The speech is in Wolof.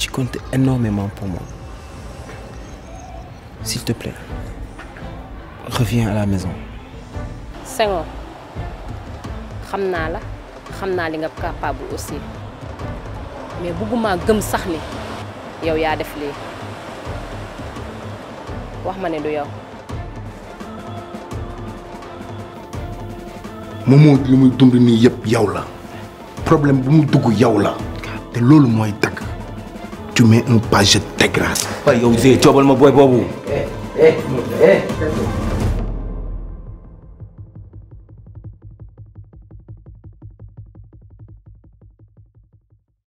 Tu comptes énormément pour moi. S'il te plaît, reviens à la maison. Senghor, xam naa la xam naa li nga capable aussi mais bëgguma gëm sax ni yow yaa def lii wax ma ne du yow. Momo li muy dund nii yëpp yow la problème bu mu dugg yow la te loolu mooy tu mets un pas, je dégraisse. yow boy, Eh, eh,